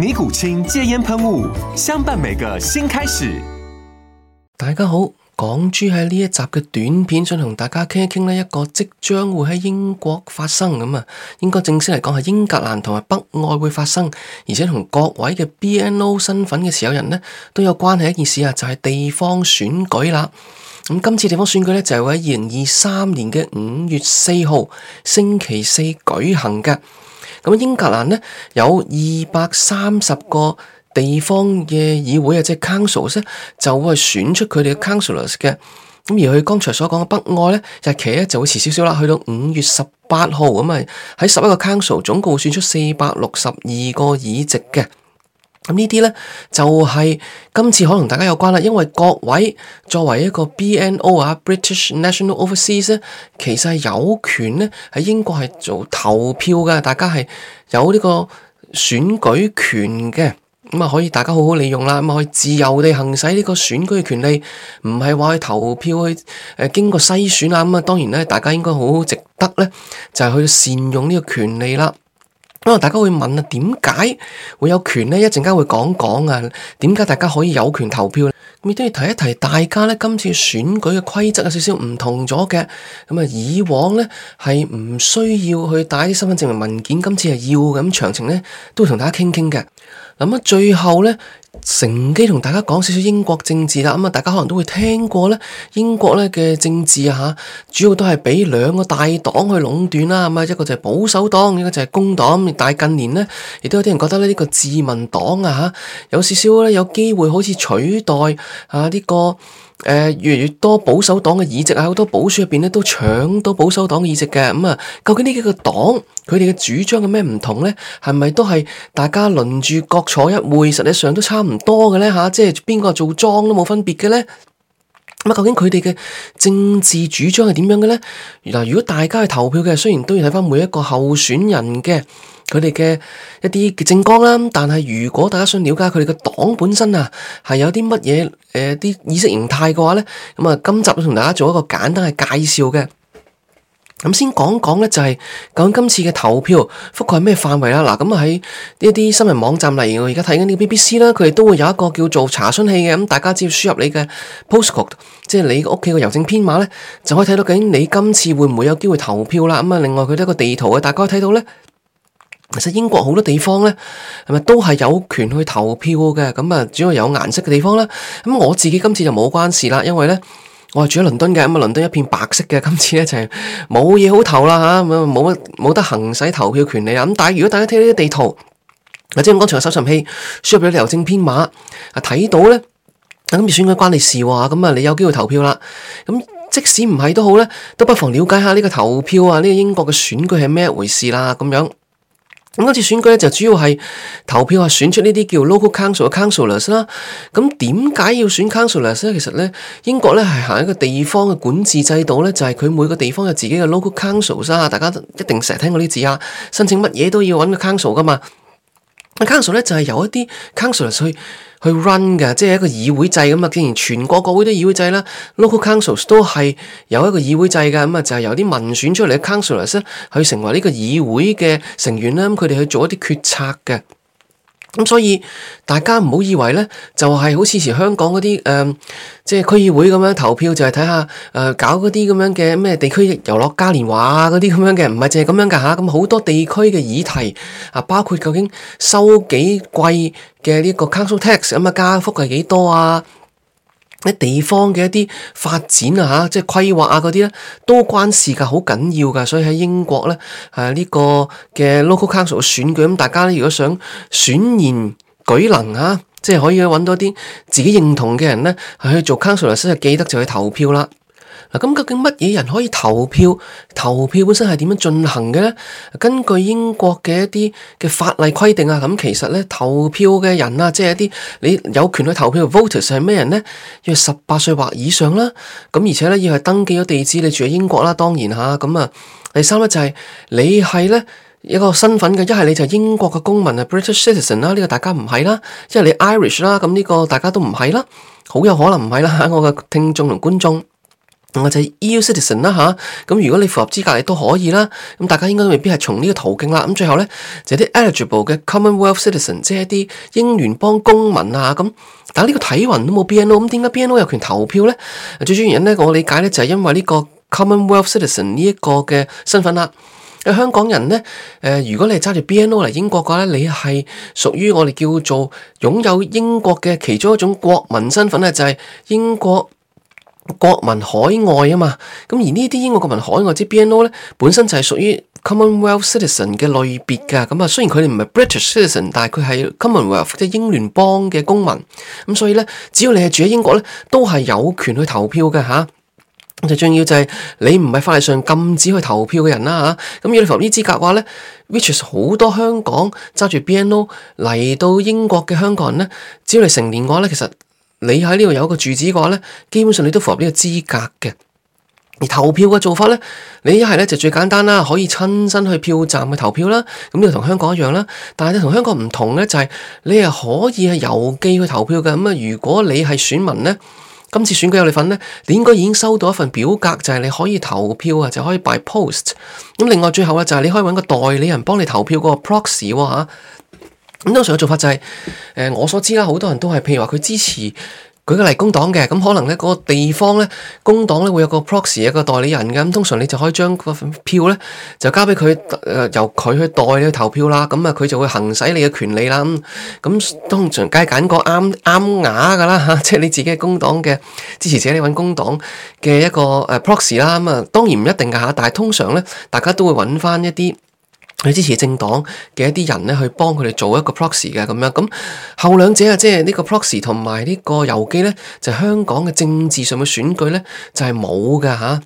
尼古清戒煙噴霧，相伴每個新開始。大家好，港珠喺呢一集嘅短片，想同大家傾一傾呢一個即將會喺英國發生咁啊，應該正式嚟講係英格蘭同埋北愛會發生，而且同各位嘅 BNO 身份嘅持有人呢都有關係一件事啊，就係、是、地方選舉啦。咁今次地方選舉呢，就係會喺二零二三年嘅五月四號星期四舉行嘅。咁英格蘭咧，有二百三十個地方嘅議會啊，即係 council 咧，就會選出佢哋嘅 councillors 嘅。咁而佢剛才所講嘅北愛咧，日期咧就會遲少少啦，去到五月十八號咁啊，喺十一個 council 總共選出四百六十二個議席嘅。咁呢啲咧就係、是、今次可能大家有關啦，因為各位作為一個 BNO 啊，British National Overseas 咧，其實係有權咧喺英國係做投票嘅，大家係有呢個選舉權嘅，咁啊可以大家好好利用啦，咁啊可以自由地行使呢個選舉嘅權利，唔係話去投票去誒經過篩選啊，咁啊當然咧，大家應該好好值得咧，就係、是、去善用呢個權利啦。咁啊！大家會問啊，點解會有權咧？一陣間會講講啊，點解大家可以有權投票咧？咁亦都要提一提，大家咧今次選舉嘅規則有少少唔同咗嘅。咁啊，以往咧係唔需要去帶啲身份證明文件，今次係要咁。詳情咧都會同大家傾傾嘅。咁啊，最後咧。乘機同大家講少少英國政治啦，咁啊大家可能都會聽過咧，英國咧嘅政治啊嚇，主要都係俾兩個大黨去壟斷啦，咁啊一個就係保守黨，一個就係工黨，但近年咧，亦都有啲人覺得咧呢個自民黨啊嚇，有少少咧有機會好似取代啊、這、呢個。越嚟越多保守黨嘅議席喺好多保守入邊咧，都搶到保守黨嘅議席嘅。咁、嗯、啊，究竟呢幾個黨佢哋嘅主張有咩唔同呢？係咪都係大家輪住各坐一會，實際上都差唔多嘅呢？吓、啊，即係邊個做莊都冇分別嘅呢？咁、嗯、啊，究竟佢哋嘅政治主張係點樣嘅呢？嗱，如果大家去投票嘅，雖然都要睇返每一個候選人嘅。佢哋嘅一啲嘅政綱啦，但係如果大家想了解佢哋嘅黨本身啊，係有啲乜嘢誒啲意識形態嘅話呢？咁、嗯、啊，今集都同大家做一個簡單嘅介紹嘅。咁、嗯、先講講呢，就係究竟今次嘅投票覆蓋咩範圍啦。嗱、啊，咁啊喺呢一啲新聞網站，例如我而家睇緊呢個 BBC 啦，佢哋都會有一個叫做查詢器嘅，咁大家只要輸入你嘅 postcode，即係你屋企嘅郵政編碼呢，就可以睇到究竟你今次會唔會有機會投票啦、啊。咁、嗯、啊，另外佢都有一個地圖嘅，大家可以睇到呢。其實英國好多地方咧，係咪都係有權去投票嘅？咁啊，主要有顏色嘅地方咧。咁我自己今次就冇關事啦，因為咧我係住喺倫敦嘅。咁啊，倫敦一片白色嘅，今次咧就係冇嘢好投啦，吓，冇、啊、冇得行使投票權利啊！咁但係如果大家睇呢啲地圖，或者剛才嘅搜尋器輸入咗郵政編碼啊，睇到咧，咁選舉關你事喎？咁啊，你有機會投票啦。咁即使唔係都好咧，都不妨了解下呢個投票啊，呢、這個英國嘅選舉係咩回事啦、啊？咁樣。咁嗰次選舉咧，就主要係投票啊，選出呢啲叫 local council 嘅 councillors 啦。咁點解要選 councillors 咧？其實咧，英國咧係行一個地方嘅管治制度咧，就係佢每個地方有自己嘅 local councils 啦。大家一定成日聽過呢啲字啊，申請乜嘢都要搵個 council 噶嘛。個 council 咧就係有一啲 councillors 去。去 run 嘅，即係一個議會制咁啊！既然全國各會都議會制啦，local councils 都係有一個議會制嘅，咁啊就係由啲民選出嚟嘅 councillors 去成為呢個議會嘅成員啦，咁佢哋去做一啲決策嘅。咁、嗯、所以大家唔好以為咧，就係、是、好似以前香港嗰啲誒，即係區議會咁樣投票，就係睇下誒搞嗰啲咁樣嘅咩地區遊樂嘉年華啊嗰啲咁樣嘅，唔係淨係咁樣噶吓，咁好多地區嘅議題啊，包括究竟收幾貴嘅呢個 Council Tax 咁啊，加幅係幾多啊？地方嘅一啲發展啊，嚇，即係規劃啊嗰啲咧，都關事噶，好緊要噶。所以喺英國咧，誒、啊、呢、呢個嘅 local council 選舉，咁大家咧如果想選賢舉能嚇、啊，即係可以去揾到啲自己認同嘅人咧，去做 councilor 先，記得就去投票啦。嗱，咁、啊、究竟乜嘢人可以投票？投票本身係點樣進行嘅咧？根據英國嘅一啲嘅法例規定啊，咁其實咧，投票嘅人啊，即係一啲你有權去投票嘅 voters 係咩人咧？要十八歲或以上啦，咁、啊、而且咧要係登記咗地址，你住喺英國啦，當然吓、啊，咁啊，第三咧就係、是、你係咧一個身份嘅，一係你就係英國嘅公民啊，British citizen 啦，呢、這個大家唔係啦，即係你 Irish 啦、啊，咁、嗯、呢個大家都唔係啦，好有可能唔係啦，我嘅聽眾同觀眾。我就係 EU citizen 啦、啊、嚇，咁如果你符合資格你都可以啦。咁、啊、大家應該未必係從呢個途徑啦。咁、啊、最後呢，就係、是、啲 eligible 嘅 Commonwealth citizen，即係一啲英聯邦公民啊咁、啊。但係呢個體運都冇 BNO，咁、啊、點解、啊、BNO 有權投票呢、啊？最主要原因呢，我理解呢，就係、是、因為呢個 Commonwealth citizen 呢一個嘅身份啦、啊啊。香港人呢，誒、呃，如果你揸住 BNO 嚟英國嘅話呢，你係屬於我哋叫做擁有英國嘅其中一種國民身份呢，就係、是、英國。國民海外啊嘛，咁而呢啲英國國民海外之 BNO 咧，本身就係屬於 Commonwealth citizen 嘅類別噶，咁啊雖然佢哋唔係 British citizen，但係佢係 Commonwealth 即係英聯邦嘅公民，咁所以咧，只要你係住喺英國咧，都係有權去投票嘅吓。最，啊，重要就係你唔係法例上禁止去投票嘅人啦吓。咁要符合呢資格嘅話咧，which is 好多香港揸住 BNO 嚟到英國嘅香港人咧，只要你成年嘅話咧，其實，你喺呢度有一個住址嘅話呢，基本上你都符合呢個資格嘅。而投票嘅做法呢，你一係呢就最簡單啦，可以親身去票站去投票啦。咁呢度同香港一樣啦，但係你同香港唔同呢，就係、是、你係可以係郵寄去投票嘅。咁、嗯、啊，如果你係選民呢，今次選舉有你份呢，你應該已經收到一份表格，就係、是、你可以投票啊，就可以 by post。咁、嗯、另外最後呢，就係、是、你可以揾個代理人幫你投票嗰個 proxy 吓、啊。啊咁通常嘅做法就係、是，誒、呃、我所知啦、啊，好多人都係譬如話佢支持舉個例工黨嘅，咁、嗯、可能咧嗰、那個地方咧工黨咧會有個 proxy 一個代理人嘅，咁、嗯、通常你就可以將個票咧就交俾佢、呃，由佢去代你去投票啦，咁啊佢就會行使你嘅權利啦。咁、嗯、咁通常梗係揀個啱啱啱嘅啦嚇、啊，即係你自己嘅工黨嘅支持者，你揾工黨嘅一個誒 proxy 啦，咁、嗯、啊當然唔一定嘅嚇，但係通常咧大家都會揾翻一啲。你支持政黨嘅一啲人咧，去幫佢哋做一個 proxy 嘅咁樣，咁後兩者啊，即係呢個 proxy 同埋呢個郵寄咧，就香港嘅政治上嘅選舉咧，就係冇㗎吓，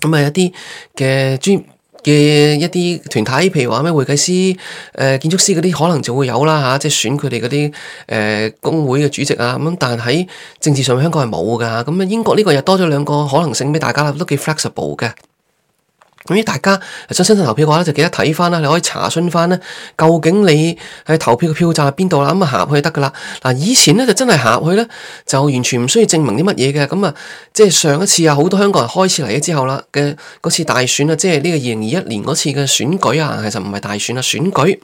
咁啊，一啲嘅專嘅一啲團體，譬如話咩會計師、誒、呃、建築師嗰啲，可能就會有啦吓、啊，即係選佢哋嗰啲誒工會嘅主席啊咁。但係喺政治上，香港係冇㗎。咁啊，英國呢個又多咗兩個可能性俾大家啦，都幾 flexible 嘅。咁大家想親身投票嘅話咧，就記得睇翻啦，你可以查詢翻咧，究竟你喺投票嘅票站喺邊度啦，咁啊行入去就得噶啦。嗱，以前咧就真係行入去咧，就完全唔需要證明啲乜嘢嘅。咁啊，即係上一次啊，好多香港人開始嚟咗之後啦嘅嗰次大選啊，即係呢個二零二一年嗰次嘅選舉啊，其實唔係大選啊，選舉。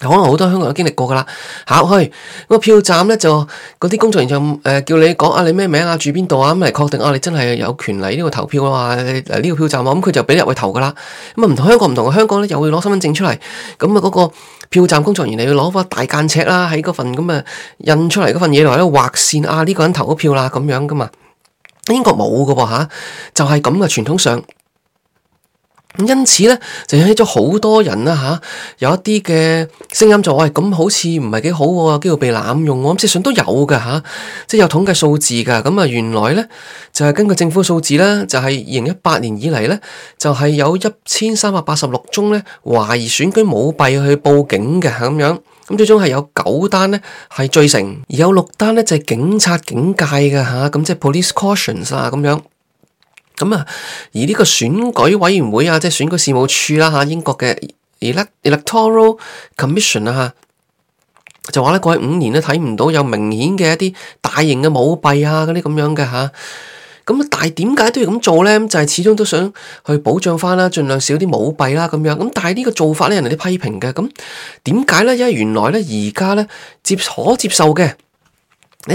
可能好多香港人都經歷過噶啦，吓，去個票站咧就嗰啲工作人員誒、呃、叫你講啊你咩名住、嗯、啊住邊度啊咁嚟確定啊你真係有權利呢個投票啊，嚟、這、呢個票站啊咁佢、嗯、就俾你入去投噶啦。咁啊唔同香港唔同，香港咧又會攞身份證出嚟，咁啊嗰個票站工作人員你要攞個大間尺啦，喺嗰份咁啊印出嚟嗰份嘢喺度畫線啊呢、這個人投咗票啦咁樣噶嘛。英國冇噶噃吓，就係咁嘅傳統上。因此呢，就引起咗好多人啦，吓、啊、有一啲嘅聲音就，喂、嗯，咁好似唔係幾好喎，有機會被濫用，我諗事實上都有嘅，吓、啊，即係有統計數字嘅。咁啊，原來呢，就係、是、根據政府數字啦，就係二零一八年以嚟、就是、呢，就係有一千三百八十六宗呢懷疑選舉舞弊去報警嘅咁、啊、樣，咁最終係有九單呢係罪成，而有六單呢就係、是、警察警戒嘅吓，咁、啊、即係 police cautions 啊咁樣。咁啊，而呢個選舉委員會啊，即係選舉事務處啦吓，英國嘅 Electoral Commission 啊，吓，就話咧過去五年都睇唔到有明顯嘅一啲大型嘅舞弊啊，嗰啲咁樣嘅吓。咁但係點解都要咁做咧？就係、是、始終都想去保障翻啦，盡量少啲舞弊啦、啊，咁樣。咁但係呢個做法咧，人哋都批評嘅。咁點解咧？因為原來咧，而家咧接可接受嘅。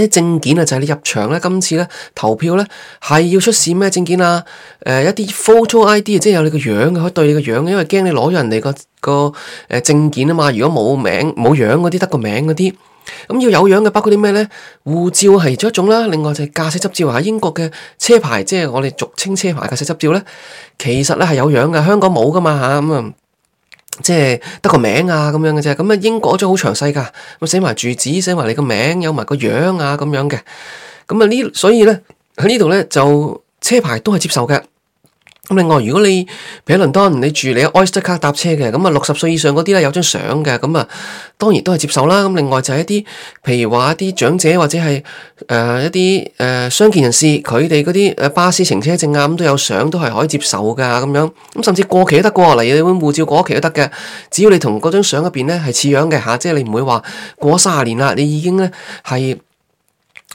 啲證，證件啊，就係你入場咧，今次咧投票咧，係要出示咩證件啊？誒，一啲 photo ID 即係有你個樣嘅，可以對你個樣嘅，因為驚你攞咗人哋個個誒證件啊嘛。如果冇名冇樣嗰啲，得個名嗰啲，咁、嗯、要有樣嘅，包括啲咩咧？護照係一種啦，另外就係駕駛執照，係英國嘅車牌，即係我哋俗稱車牌駕駛執照咧，其實咧係有樣嘅，香港冇噶嘛嚇咁啊！嗯即係得個名啊咁樣嘅啫，咁啊英國都好詳細噶，咁寫埋住址，寫埋你個名，有埋個樣啊咁樣嘅，咁啊呢所以咧喺呢度咧就車牌都係接受嘅。咁另外，如果你譬如喺倫敦，你住你喺 Oyster 卡搭車嘅，咁啊六十歲以上嗰啲咧有張相嘅，咁、嗯、啊當然都係接受啦。咁、嗯、另外就係一啲譬如話一啲長者或者係誒、呃、一啲誒傷健人士，佢哋嗰啲巴士乘車證啊，咁、嗯、都有相都係可以接受噶咁樣。咁、嗯、甚至過期都得喎，嚟你本護照過期都得嘅，只要你同嗰張相入邊咧係似樣嘅吓、啊，即係你唔會話過咗三十年啦，你已經咧係。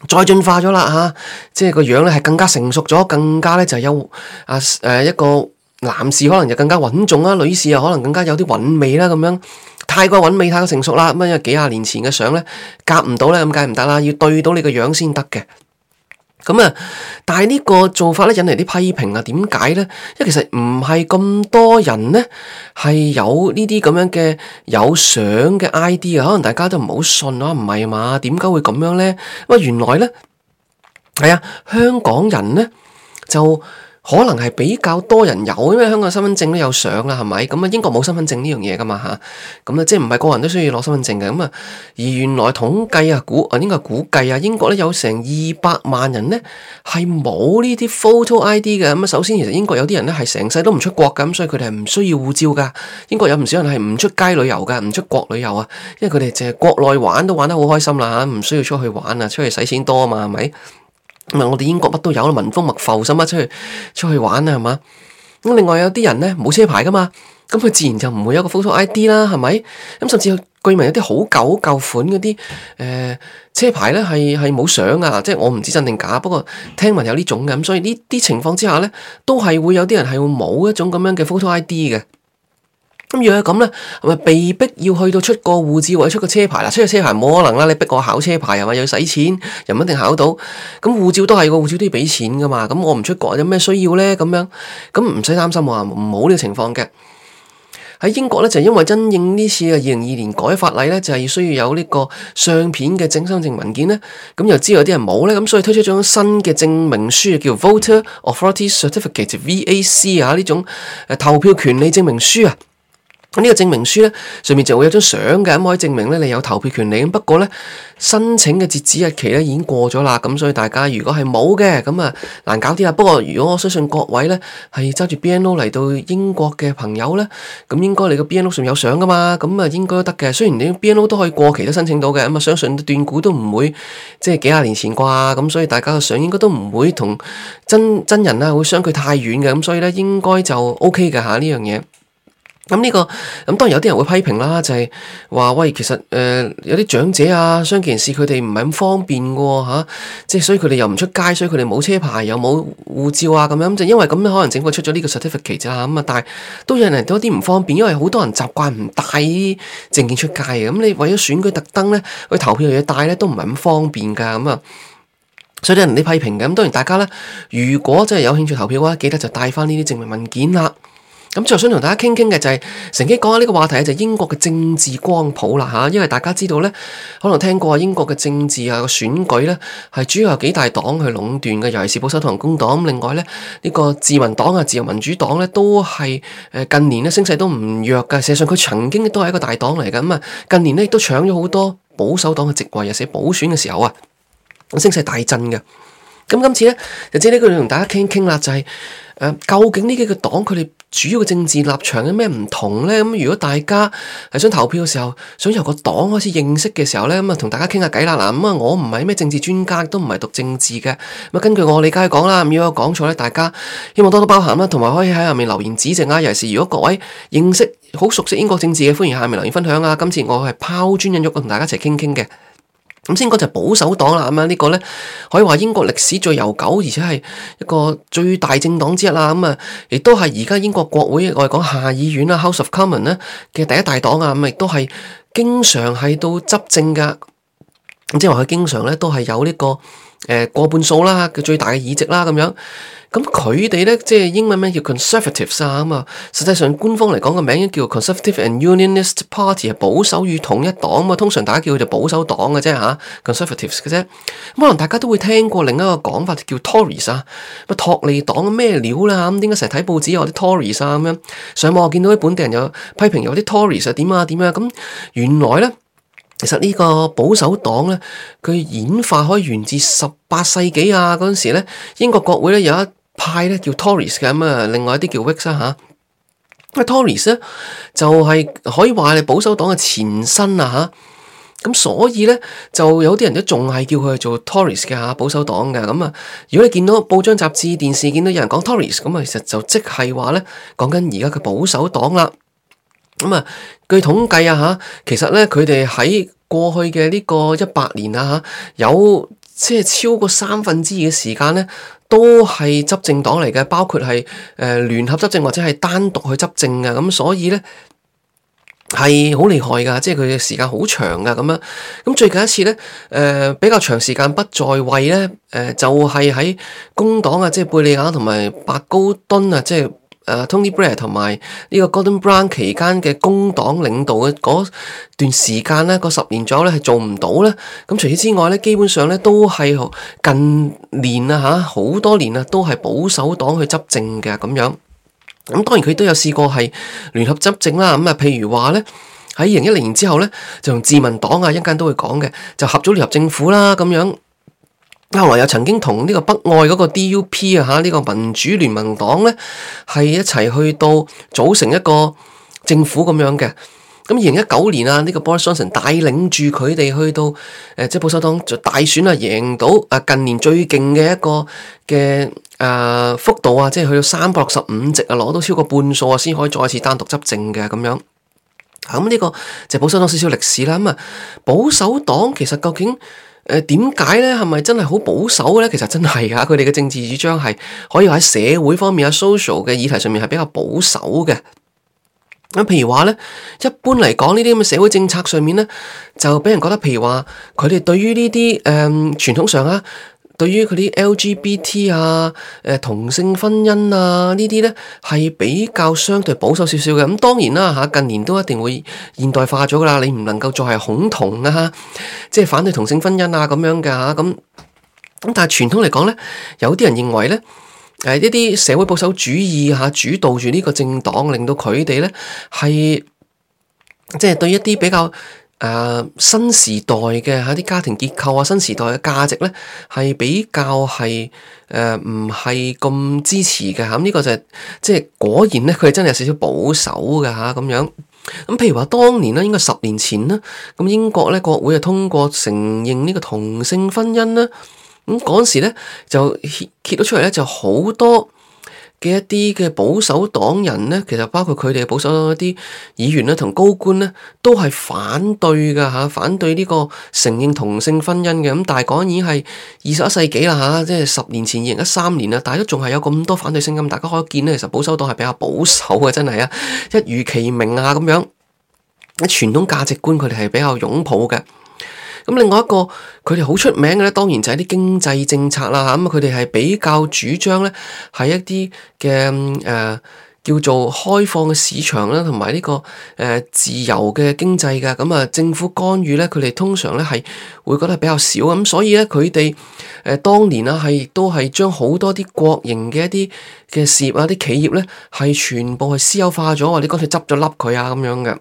再進化咗啦吓，即係個樣咧係更加成熟咗，更加咧就係有啊誒、呃、一個男士可能就更加穩重啦，女士又可能更加有啲韻味啦，咁樣太過韻味、太過成熟啦，咁因為幾廿年前嘅相咧，夾唔到咧，咁梗係唔得啦，要對到你個樣先得嘅。咁啊、嗯！但係呢個做法咧引嚟啲批評啊？點解咧？因為其實唔係咁多人咧，係有呢啲咁樣嘅有相嘅 ID 啊。可能大家都唔好信啊，唔係嘛？點解會咁樣咧？咁原來咧係啊，香港人咧就。可能係比較多人有，因為香港身份證都有相啦，係咪？咁啊，英國冇身份證呢樣嘢噶嘛嚇，咁、嗯、啊，即係唔係個人都需要攞身份證嘅？咁、嗯、啊，而原來統計啊估啊應該係估計啊，英國咧有成二百萬人咧係冇呢啲 photo ID 嘅。咁、嗯、啊，首先其實英國有啲人咧係成世都唔出國咁，所以佢哋係唔需要護照噶。英國有唔少人係唔出街旅遊噶，唔出國旅遊啊，因為佢哋淨係國內玩都玩得好開心啦、啊，唔需要出去玩啊，出去使錢多啊嘛，係咪？唔係，我哋英國乜都有啦，民風密浮，使乜出去出去玩啊？係嘛？咁另外有啲人咧冇車牌噶嘛，咁佢自然就唔會有個 Photo ID 啦，係咪？咁、嗯、甚至據聞有啲好舊、好舊款嗰啲誒車牌咧，係係冇相啊！即係我唔知真定假，不過聽聞有呢種嘅，咁所以呢啲情況之下咧，都係會有啲人係會冇一種咁樣嘅 Photo ID 嘅。咁如果咁咧，係咪被逼要去到出個護照或者出個車牌啦？出個車牌冇可能啦，你逼我考車牌，係咪？又要使錢，又唔一定考到。咁護照都係個護照都要俾錢噶嘛。咁我唔出國有咩需要咧？咁樣咁唔使擔心啊，唔冇呢個情況嘅。喺英國咧就係、是、因為因應呢次嘅二零二二年改法例咧，就係、是、需要有呢個相片嘅正身證文件咧。咁又知有啲人冇咧，咁所以推出咗張新嘅證明書叫 Voter Authority Certificate V A C 啊呢種啊投票權利證明書啊。呢個證明書咧，上面就會有張相嘅，咁、嗯、可以證明咧你有投票權利。不過咧，申請嘅截止日期咧已經過咗啦，咁、嗯、所以大家如果係冇嘅，咁、嗯、啊難搞啲啦。不過如果我相信各位咧係揸住 BNO 嚟到英國嘅朋友咧，咁、嗯、應該你個 BNO 上面有相噶嘛，咁、嗯、啊應該得嘅。雖然你 BNO 都可以過期都申請到嘅，咁、嗯、啊相信斷估都唔會即係幾廿年前啩，咁、嗯、所以大家嘅相應該都唔會同真真人啦會相距太遠嘅，咁、嗯、所以咧應該就 OK 嘅嚇呢樣嘢。啊。咁呢、這個咁當然有啲人會批評啦，就係、是、話喂，其實誒、呃、有啲長者啊，傷殘人士佢哋唔係咁方便嘅吓，即、啊、係、就是、所以佢哋又唔出街，所以佢哋冇車牌，又冇護照啊咁樣，就因為咁樣可能政府出咗呢個 certificate 啫，咁、嗯、啊，但係都有人嚟到啲唔方便，因為好多人習慣唔帶證件出街啊，咁、嗯、你為咗選舉特登咧去投票又要帶咧，都唔係咁方便噶，咁啊，所以啲人你批評嘅，咁當然大家咧，如果真係有興趣投票嘅話，記得就帶翻呢啲證明文件啦。咁就想同大家傾傾嘅就係、是，乘機講下呢個話題呢就英國嘅政治光譜啦吓，因為大家知道呢，可能聽過英國嘅政治啊個選舉呢，係主要有幾大黨去壟斷嘅，尤其是保守黨同工黨。另外呢，呢、這個自民黨啊、自由民主黨呢，都係誒近年呢升勢都唔弱㗎。事實上佢曾經都係一個大黨嚟㗎嘛，近年呢都搶咗好多保守黨嘅席位，尤其是補選嘅時候啊，升勢大震嘅。咁今次呢，就即係呢個同大家傾傾啦，就係、是。究竟呢幾個黨佢哋主要嘅政治立場有咩唔同呢？咁如果大家係想投票嘅時候，想由個黨開始認識嘅時候聊聊呢，咁啊同大家傾下偈啦。嗱，咁啊，我唔係咩政治專家，都唔係讀政治嘅。咁啊，根據我理解講啦，如果有講錯呢，大家希望多多包涵啦。同埋可以喺下面留言指正啊。尤其是如果各位認識好熟悉英國政治嘅，歡迎下面留言分享啊。今次我係拋磚引玉，同大家一齊傾傾嘅。咁先講就保守黨啦，咁啊呢個呢，可以話英國歷史最悠久，而且係一個最大政黨之一啦。咁、嗯、啊，亦都係而家英國國會，我哋講下議院啦 ，House of Commons 呢嘅第一大黨啊，咁、嗯、亦都係經常喺度執政㗎。咁即係話佢經常呢都係有呢、這個。誒過半數啦，佢最大嘅議席啦咁樣，咁佢哋咧即係英文名叫 Conservatives 啊咁啊，實際上官方嚟講個名叫 Conservative and Unionist Party 係保守與統一黨啊，通常大家叫佢哋保守黨嘅啫吓、啊、Conservatives 嘅啫。可能大家都會聽過另一個講法叫 Tories 啊，乜托利黨咩料啦嚇？咁點解成日睇報紙有啲 Tories 啊咁樣？上網我見到啲本地人有批評有啲 Tories 啊點啊點啊咁，原來咧。其實呢個保守黨咧，佢演化可以源自十八世紀啊，嗰陣時咧，英國國會咧有一派咧叫 Tories 嘅咁啊，另外一啲叫 Whigs 吓。咁 Tories 咧就係可以話係保守黨嘅前身啊吓。咁所以咧就有啲人都仲係叫佢做 Tories 嘅吓，保守黨嘅咁啊。如果你見到報章、雜誌、電視見到有人講 Tories，咁啊，其實就即係話咧講緊而家嘅保守黨啦。咁啊，據統計啊，嚇，其實咧，佢哋喺過去嘅呢個一百年啊，嚇，有即係超過三分之二嘅時間咧，都係執政黨嚟嘅，包括係誒聯合執政或者係單獨去執政嘅，咁所以咧係好厲害噶，即係佢嘅時間好長噶，咁啊，咁最近一次咧，誒、呃、比較長時間不在位咧，誒、呃、就係、是、喺工黨啊，即係貝理雅同埋白高敦啊，即係。誒 Tony Blair 同埋呢個 Gordon Brown 期間嘅工黨領導嘅嗰段時間咧，十年左右咧係做唔到咧。咁除此之外咧，基本上咧都係近年啊嚇，好多年啊都係保守黨去執政嘅咁樣。咁當然佢都有試過係聯合執政啦。咁啊，譬如話咧喺二零一零年之後咧，就同自民黨啊一間都會講嘅，就合組聯合政府啦咁樣。後來、啊、又曾經同呢個北愛嗰個 DUP 啊吓呢、這個民主聯盟黨咧係一齊去到組成一個政府咁樣嘅，咁二零一九年啊呢、這個 Boris Johnson 帶領住佢哋去到誒、呃、即係保守黨就大選啊贏到啊近年最勁嘅一個嘅誒、呃、幅度啊即係去到三百六十五席啊攞到超過半數啊先可以再次單獨執政嘅咁樣，咁、啊、呢、這個就係保守黨少少歷史啦，咁啊保守黨其實究竟？誒點解呢？係咪真係好保守呢？其實真係噶，佢哋嘅政治主張係可以喺社會方面啊，social 嘅議題上面係比較保守嘅。咁、啊、譬如話呢，一般嚟講呢啲咁嘅社會政策上面呢，就俾人覺得譬如話，佢哋對於呢啲誒傳統上啊，對於佢啲 LGBT 啊，誒同性婚姻啊呢啲呢，係比較相對保守少少嘅。咁當然啦吓，近年都一定會現代化咗噶啦。你唔能夠再係恐同啊，即係反對同性婚姻啊咁樣嘅吓。咁咁但係傳統嚟講呢，有啲人認為呢誒一啲社會保守主義吓主導住呢個政黨，令到佢哋呢係即係對一啲比較。誒、uh，新時代嘅吓啲家庭結構啊，新時代嘅價值咧，係比較係誒唔係咁支持嘅吓，呢個就即係果然咧，佢哋真係有少少保守嘅吓咁樣。咁譬如話當年咧，應該十年前啦，咁英國咧國會啊通過承認呢個同性婚姻啦。咁嗰時咧就揭揭到出嚟咧就好多。嘅一啲嘅保守黨人呢，其實包括佢哋保守黨一啲議員咧同高官呢，都係反對噶吓，反對呢個承認同性婚姻嘅。咁大講已經係二十一世紀啦吓，即係十年前二零一三年啦，但係都仲係有咁多反對聲音。大家可以見咧，其實保守黨係比較保守嘅，真係啊，一如其名啊咁樣。喺傳統價值觀，佢哋係比較擁抱嘅。咁另外一個佢哋好出名嘅咧，當然就係啲經濟政策啦嚇。咁佢哋係比較主張咧，係一啲嘅誒叫做開放嘅市場啦，同埋呢個誒、呃、自由嘅經濟嘅。咁、嗯、啊，政府干預咧，佢哋通常咧係會覺得比較少咁、嗯。所以咧，佢哋誒當年啊，亦都係將好多啲國營嘅一啲嘅事業啊，啲企業咧係全部係私有化咗，或者乾脆執咗笠佢啊咁樣嘅。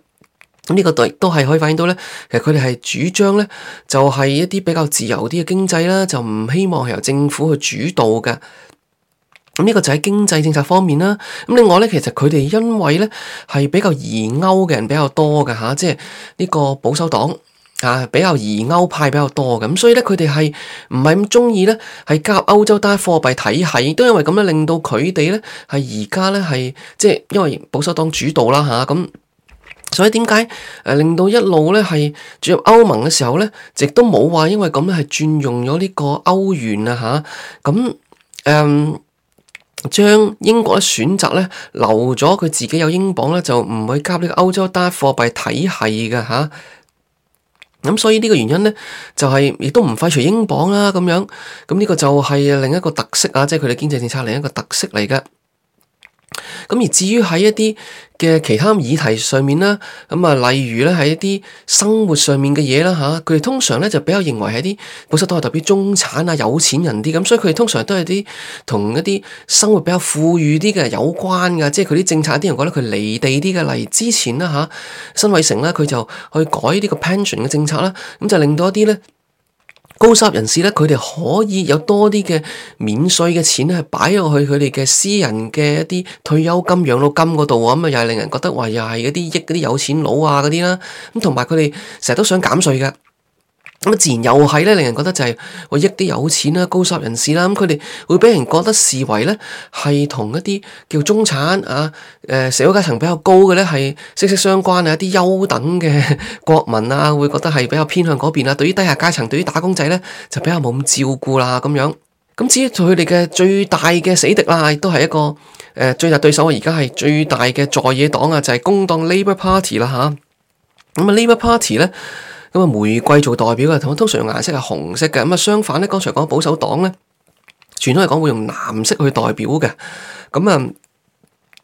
咁呢個亦都係可以反映到咧，其實佢哋係主張咧，就係一啲比較自由啲嘅經濟啦，就唔希望係由政府去主導嘅。咁、這、呢個就係經濟政策方面啦。咁另外咧，其實佢哋因為咧係比較疑歐嘅人比較多嘅吓、啊，即係呢個保守黨啊比較疑歐派比較多嘅，咁、啊、所以咧佢哋係唔係咁中意咧係加入歐洲單一貨幣體系，都因為咁樣令到佢哋咧係而家咧係即係因為保守黨主導啦吓。咁、啊。啊所以點解誒令到一路咧係進入歐盟嘅時候咧，亦都冇話因為咁咧係轉用咗呢個歐元啊吓，咁誒將英國咧選擇咧留咗佢自己有英鎊咧，就唔去加呢個歐洲單一貨幣體系嘅吓，咁、啊、所以呢個原因咧就係亦都唔廢除英鎊啦咁樣，咁呢個就係另一個特色啊，即係佢哋經濟政策另一個特色嚟嘅。咁而至於喺一啲嘅其他議題上面啦，咁啊，例如咧喺一啲生活上面嘅嘢啦吓，佢哋通常咧就比較認為係一啲保守黨係特別中產啊、有錢人啲咁，所以佢哋通常都係啲同一啲生活比較富裕啲嘅有關嘅，即係佢啲政策啲人覺得佢離地啲嘅。例如之前啦吓，辛偉誠咧佢就去改呢個 pension 嘅政策啦，咁就令到一啲咧，高收入人士呢，佢哋可以有多啲嘅免稅嘅錢，係擺入去佢哋嘅私人嘅一啲退休金、養老金嗰度啊，咁啊又係令人覺得話，又係嗰啲益、嗰啲有錢佬啊嗰啲啦，咁同埋佢哋成日都想減稅噶。咁啊，自然又係咧，令人覺得就係會益啲有錢啦、高收入人士啦，咁佢哋會俾人覺得視為咧，係同一啲叫中產啊，誒社會階層比較高嘅咧，係息息相關啊，一啲優等嘅國民啊，會覺得係比較偏向嗰邊啊。對於低下階層，對於打工仔咧，就比較冇咁照顧啦，咁、啊、樣。咁至於佢哋嘅最大嘅死敵啦，亦都係一個誒、啊、最大對手啊，而家係最大嘅在野黨，就係、黨 Party，啊，就、啊、係工、嗯、黨 Labour Party 啦，嚇。咁啊 Labour Party 咧。咁啊，玫瑰做代表嘅，通常顏色係紅色嘅。咁啊，相反咧，剛才講保守黨咧，傳統嚟講會用藍色去代表嘅。咁、嗯、啊。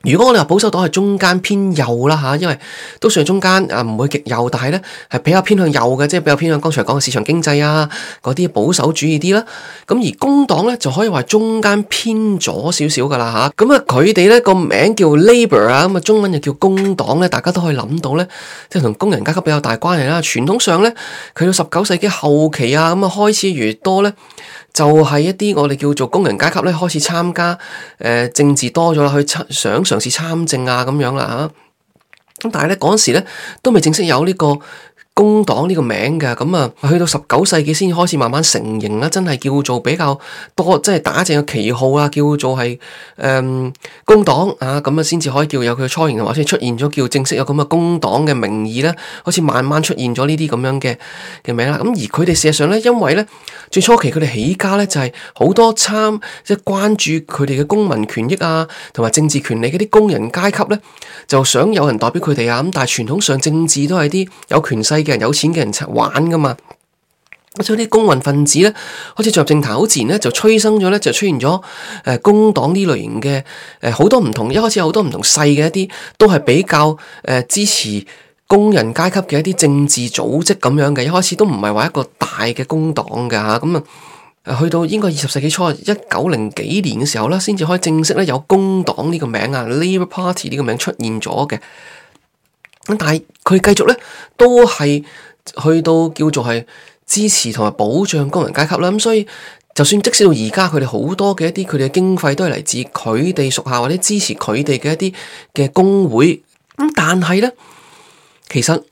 如果我哋話保守黨係中間偏右啦吓，因為都算係中間啊，唔會極右，但係咧係比較偏向右嘅，即係比較偏向剛才講嘅市場經濟啊嗰啲保守主義啲啦。咁而工黨咧就可以話中間偏左少少噶啦吓。咁、嗯、啊，佢哋咧個名叫 Labour 啊，咁啊中文又叫工黨咧，大家都可以諗到咧，即係同工人階級比較大關係啦。傳統上咧，佢到十九世紀後期啊，咁啊開始越多咧，就係一啲我哋叫做工人階級咧，開始參加誒、呃、政治多咗，去參想嘗試參政啊咁樣啦嚇。咁但係咧嗰時咧都未正式有呢個。工黨呢個名嘅，咁啊，去到十九世紀先開始慢慢成形啦，真係叫做比較多，即係打正個旗號啊，叫做係誒、嗯、工黨啊，咁啊先至可以叫有佢嘅雛形，或者出現咗叫正式有咁嘅工黨嘅名義咧，好似慢慢出現咗呢啲咁樣嘅嘅名啦。咁、啊、而佢哋事實上咧，因為咧最初期佢哋起家咧就係、是、好多參即係關注佢哋嘅公民權益啊，同埋政治權利嗰啲工人階級咧，就想有人代表佢哋啊。咁但係傳統上政治都係啲有權勢。嘅人有錢嘅人玩噶嘛，咁，所以啲工運分子咧好似進入政壇，好自然咧就催生咗咧就出現咗誒工黨呢類型嘅誒好多唔同，一開始有好多唔同細嘅一啲都係比較誒、呃、支持工人階級嘅一啲政治組織咁樣嘅，一開始都唔係話一個大嘅工黨嘅吓，咁啊去到應該二十世紀初一九零幾年嘅時候咧，先至可以正式咧有工黨呢個名啊 Labour Party 呢個名出現咗嘅。咁但係佢繼續咧，都係去到叫做係支持同埋保障工人階級啦。咁所以，就算即使到而家，佢哋好多嘅一啲佢哋嘅經費都係嚟自佢哋屬下或者支持佢哋嘅一啲嘅工會。咁但係咧，其實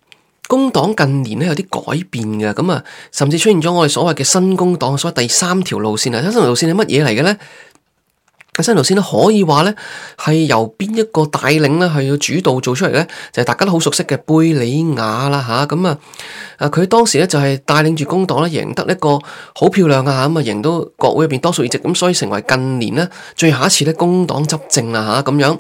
工黨近年咧有啲改變嘅。咁啊，甚至出現咗我哋所謂嘅新工黨所謂第三條路線啊。第三條路線係乜嘢嚟嘅咧？新頭先咧，可以話咧係由邊一個帶領咧係要主導做出嚟咧，就係大家都好熟悉嘅貝里亞啦，嚇咁啊啊！佢、嗯呃、當時咧就係帶領住工黨咧贏得一個好漂亮啊咁啊，贏到國會入邊多數議席，咁，所以成為近年咧最下一次咧工黨執政啦，嚇咁樣，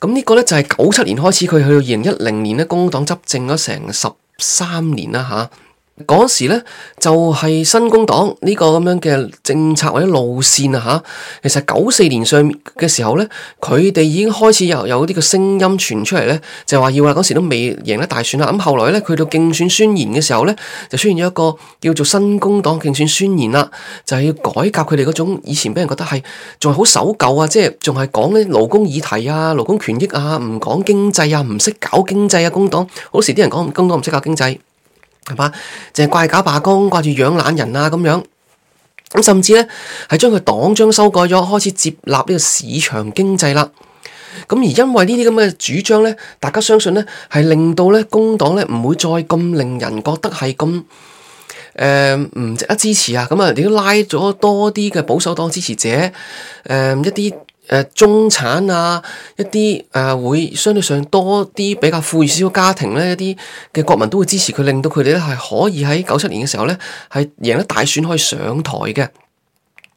咁呢個咧就係九七年開始佢去到二零一零年咧工黨執政咗成十三年啦嚇。嗰時咧就係新工黨呢個咁樣嘅政策或者路線啊吓，其實九四年上嘅時候咧，佢哋已經開始有有呢個聲音傳出嚟咧，就話要啦。嗰時都未贏得大選啦。咁後來咧，去到競選宣言嘅時候咧，就出現咗一個叫做新工黨競選宣言啦，就係要改革佢哋嗰種以前俾人覺得係仲係好守舊啊，即係仲係講啲勞工議題啊、勞工權益啊，唔講經濟啊，唔識搞經濟啊。工黨好多時啲人講工黨唔識搞經濟。係嘛？淨係怪假罷工，掛住養懶人啊咁樣。咁甚至咧，係將佢黨章修改咗，開始接納呢個市場經濟啦。咁而因為呢啲咁嘅主張咧，大家相信咧，係令到咧工黨咧唔會再咁令人覺得係咁誒唔值得支持啊。咁啊，亦都拉咗多啲嘅保守黨支持者，誒、呃、一啲。誒中產啊，一啲誒、啊、會相對上多啲比較富裕少少家庭咧，一啲嘅國民都會支持佢，令到佢哋咧係可以喺九七年嘅時候咧係贏得大選可以上台嘅。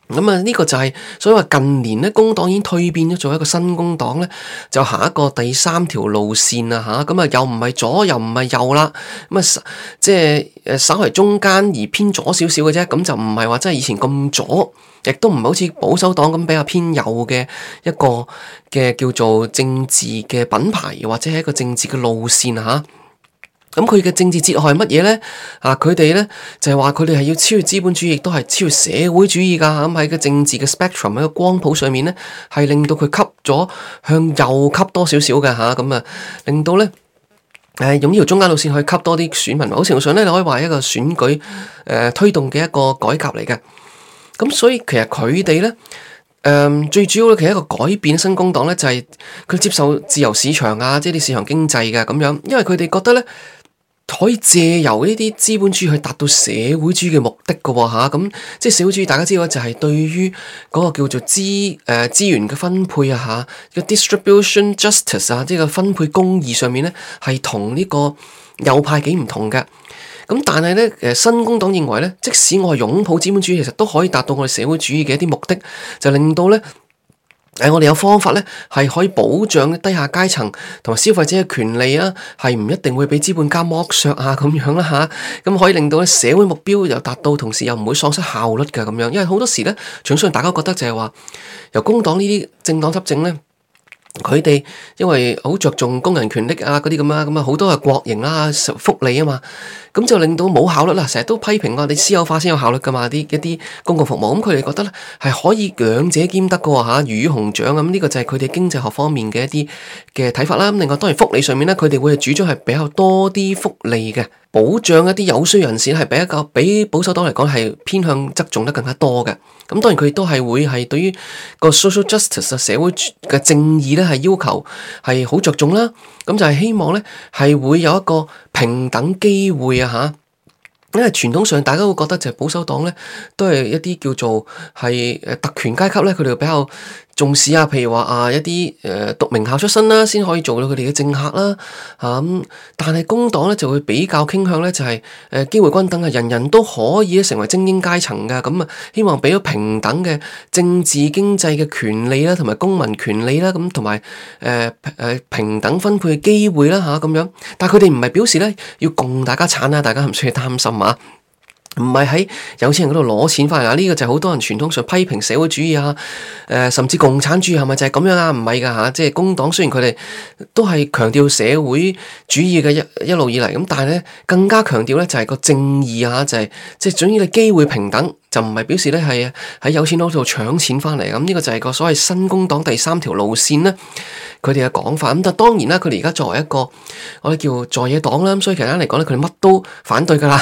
咁啊，呢個就係、是、所以話近年咧，工黨已經蛻變咗做一個新工黨咧，就行一個第三條路線啦嚇。咁啊，又唔係左，又唔係右啦，咁啊，即係稍為中間而偏左少少嘅啫。咁就唔係話即係以前咁左，亦都唔係好似保守黨咁比較偏右嘅一個嘅叫做政治嘅品牌，或者係一個政治嘅路線嚇。啊咁佢嘅政治哲學係乜嘢咧？啊，佢哋咧就係話佢哋係要超越資本主義，都係超越社會主義噶。咁喺個政治嘅 spectrum，喺個光譜上面咧，係令到佢吸咗向右吸多少少嘅吓，咁啊，啊，令到咧誒、啊、用呢條中間路線去吸多啲選民。某程度上咧，你可以話一個選舉誒、呃、推動嘅一個改革嚟嘅。咁、啊、所以其實佢哋咧誒最主要咧，其實一個改變新工黨咧就係、是、佢接受自由市場啊，即係啲市場經濟嘅咁樣，因為佢哋覺得咧。可以借由呢啲資本主義去達到社會主義嘅目的嘅喎，咁即係社會主義，大家知道就係、是、對於嗰個叫做資誒、呃、資源嘅分配啊嚇嘅 distribution justice 啊，即係個分配公義上面咧係同呢個右派幾唔同嘅。咁、啊、但係咧誒，新工黨認為咧，即使我係擁抱資本主義，其實都可以達到我哋社會主義嘅一啲目的，就令到咧。誒，我哋有方法咧，係可以保障低下階層同埋消費者嘅權利啊，係唔一定會俾資本家剝削啊，咁樣啦吓，咁可以令到咧社會目標又達到，同時又唔會喪失效率噶咁樣。因為好多時咧，總需大家覺得就係話，由工黨呢啲政黨執政咧，佢哋因為好着重工人權利啊，嗰啲咁啊，咁啊，好多係國營啦，福利啊嘛。咁就令到冇效率啦，成日都批評我哋私有化先有效率噶嘛？啲一啲公共服務，咁佢哋覺得咧係可以兩者兼得噶喎嚇，魚與熊掌咁。呢、嗯這個就係佢哋經濟學方面嘅一啲嘅睇法啦。咁另外，當然福利上面咧，佢哋會係主張係比較多啲福利嘅保障一啲有需人士較，係比一比保守黨嚟講係偏向側重得更加多嘅。咁、嗯、當然佢亦都係會係對於個 social justice 社會嘅正義咧係要求係好着重啦。咁就係希望咧，係會有一個平等機會啊！嚇，因為傳統上大家會覺得就係保守黨咧，都係一啲叫做係誒特權階級咧，佢哋比較重視啊，譬如話啊一啲誒、呃、讀名校出身啦，先可以做到佢哋嘅政客啦，吓、嗯、咁。但係工黨咧就會比較傾向咧就係誒機會均等啊，人人都可以成為精英階層嘅。咁啊，希望俾咗平等嘅政治經濟嘅權利啦，同埋公民權利啦，咁同埋誒誒平等分配嘅機會啦，吓、啊、咁樣。但係佢哋唔係表示咧要共大家產啊，大家唔需要擔心啊。唔係喺有錢人嗰度攞錢翻嚟，嗱、這、呢個就係好多人傳統上批評社會主義啊，誒、呃、甚至共產主義係咪就係咁樣啊？唔係㗎嚇，即係工黨雖然佢哋都係強調社會主義嘅一一路以嚟，咁但係咧更加強調咧就係、是、個正義啊，就係即係總之嘅機會平等。就唔係表示咧，係喺有錢佬度搶錢翻嚟咁，呢個就係個所謂新工黨第三條路線咧，佢哋嘅講法咁。但當然啦，佢哋而家作為一個我哋叫做在野黨啦，咁所以其他嚟講咧，佢哋乜都反對噶啦，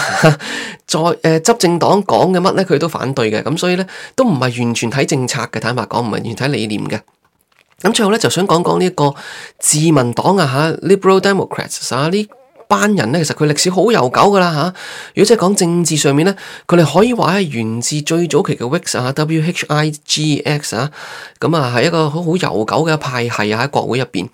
在 誒執政黨講嘅乜咧，佢都反對嘅。咁所以咧，都唔係完全睇政策嘅，坦白講唔係完全睇理念嘅。咁最後咧，就想講講呢一個自民黨啊吓 Liberal Democrats 啊呢。班人咧，其實佢歷史好悠久噶啦嚇。如果即係講政治上面咧，佢哋可以話係源自最早期嘅 Whigs 啊，咁啊係一個好好悠久嘅派系啊，喺國會入邊。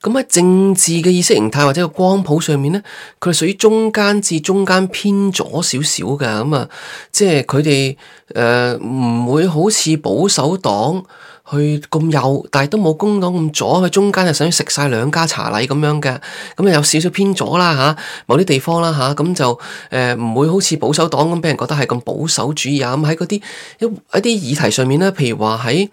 咁、嗯、喺政治嘅意識形態或者個光譜上面咧，佢係屬於中間至中間偏左少少嘅。咁、嗯、啊，即係佢哋誒唔會好似保守黨。佢咁右，但係都冇工黨咁左，佢中間又想食晒兩家茶禮咁樣嘅，咁又有少少偏左啦嚇，某啲地方啦嚇，咁就誒唔會好似保守黨咁俾人覺得係咁保守主義啊，咁喺嗰啲一一啲議題上面咧，譬如話喺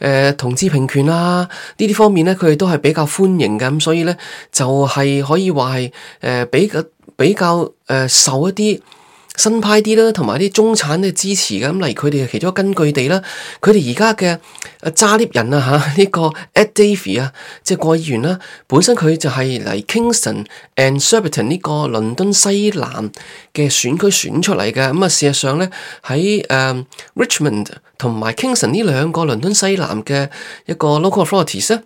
誒同志平權啊呢啲方面咧，佢哋都係比較歡迎嘅，咁所以咧就係可以話係誒比較比較誒、呃、受一啲。新派啲啦，同埋啲中產嘅支持嘅，例如佢哋嘅其中一個根據地啦，佢哋而家嘅揸 fit 人啊嚇呢、這個 Ed Davey 啊，即係國議員啦，本身佢就係嚟 Kingston and Surbiton 呢個倫敦西南嘅選區選出嚟嘅，咁、嗯、啊事實上咧喺誒 Richmond 同埋 Kingston 呢兩個倫敦西南嘅一個 local authorities 咧。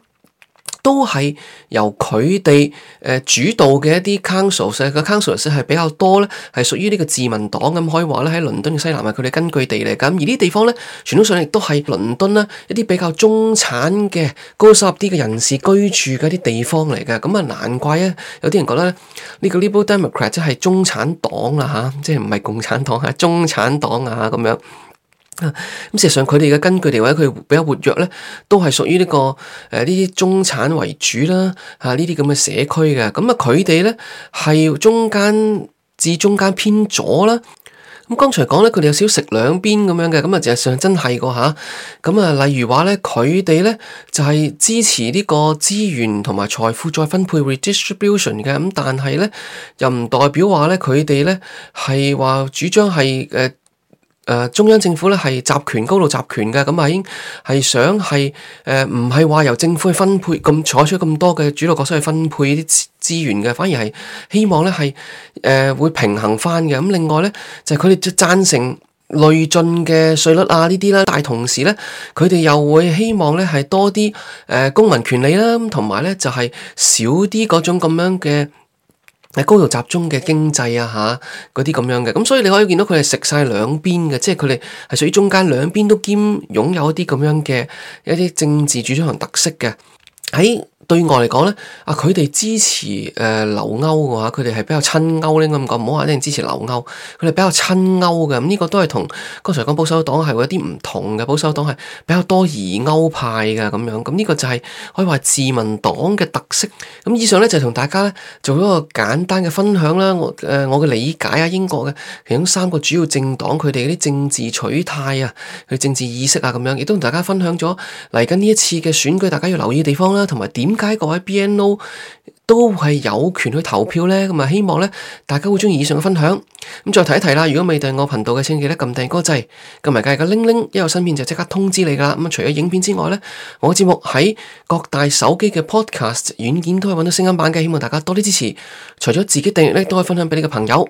都係由佢哋誒主導嘅一啲 council，其實個 council 係比較多咧，係屬於呢個自民黨。咁可以話咧，喺倫敦嘅西南係佢哋根據地嚟咁。而呢啲地方咧，傳統上亦都係倫敦啦，一啲比較中產嘅高收入啲嘅人士居住嘅一啲地方嚟嘅，咁啊難怪啊有啲人覺得呢個 Liberal Democrat 即係中產黨啦吓，即係唔係共產黨吓，中產黨啊咁樣。咁事實上，佢哋嘅根據地或者佢比較活躍咧，都係屬於呢、呢個誒呢啲中產為主啦，嚇呢啲咁嘅社區嘅。咁啊，佢哋咧係中間至中間偏左啦。咁、啊、剛才講咧，佢哋有少少食兩邊咁樣嘅。咁啊，事實上真係個吓，咁啊，例如話咧，佢哋咧就係、是、支持呢個資源同埋財富再分配 redistribution 嘅。咁但係咧，又唔代表話咧，佢哋咧係話主張係誒。呃誒、呃、中央政府咧係集權，高度集權嘅，咁啊已經係想係誒唔係話由政府去分配，咁採取咁多嘅主導角色去分配啲資源嘅，反而係希望咧係誒會平衡翻嘅。咁另外咧就係佢哋就贊成累進嘅稅率啊呢啲啦，但同時咧佢哋又會希望咧係多啲誒、呃、公民權利啦，同埋咧就係、是、少啲嗰種咁樣嘅。喺高度集中嘅經濟啊，吓嗰啲咁樣嘅，咁所以你可以見到佢哋食晒兩邊嘅，即係佢哋係屬於中間兩邊都兼擁有一啲咁樣嘅一啲政治主張同特色嘅喺。對外嚟講咧，啊佢哋支持誒留、呃、歐嘅話，佢哋係比較親歐呢咁講，唔好話一定支持留歐，佢哋比較親歐嘅咁呢個都係同剛才講保守黨係會有啲唔同嘅，保守黨係比較多疑歐派嘅咁樣，咁、嗯、呢、這個就係、是、可以話自民黨嘅特色。咁、嗯、以上咧就同大家咧做一個簡單嘅分享啦，我誒、呃、我嘅理解啊，英國嘅其中三個主要政黨佢哋嗰啲政治取態啊、佢政治意識啊咁樣，亦都同大家分享咗嚟緊呢一次嘅選舉，大家要留意嘅地方啦，同埋點解各位 BNO 都係有權去投票呢？咁啊，希望呢，大家會中意以上嘅分享。咁再提一提啦，如果未訂閱我頻道嘅，請記得撳訂閱嗰個掣，同埋撳個鈴鈴，一有新片就即刻通知你噶啦。咁除咗影片之外呢，我嘅節目喺各大手機嘅 Podcast 軟件都可以揾到聲音版嘅，希望大家多啲支持。除咗自己訂閱咧，都可以分享俾你嘅朋友。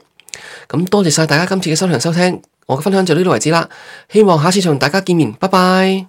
咁多謝晒大家今次嘅收聽收聽，我嘅分享就到呢度為止啦。希望下次再同大家見面，拜拜。